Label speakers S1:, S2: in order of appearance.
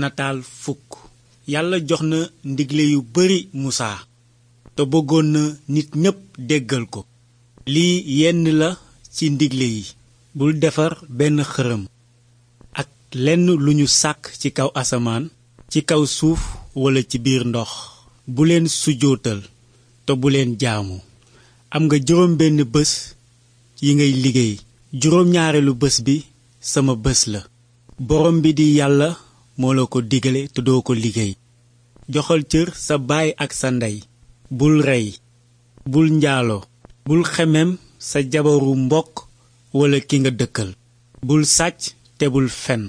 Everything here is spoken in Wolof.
S1: nataal fukk yàlla jox na ndigle yu bari musaa te bëggoon na nit ñépp déggal ko lii yenn la ci ndigle yi bul defar benn xërëm ak lenn lu ñu sàkk ci kaw asamaan ci kaw suuf walla ci biir ndox bu leen sujootal te bu jaamu am nga juróom benn bés yi ngay liggéey juróom ñaareelu bés bi sama bés la borom bi di yàlla moo la ko digale te doo ko liggéey joxal cër sa baay ak sa ndey bul rey bul njaaloo bul xemem sa jabaru mbokk walla ki nga dëkkal bul sàcc te bul fen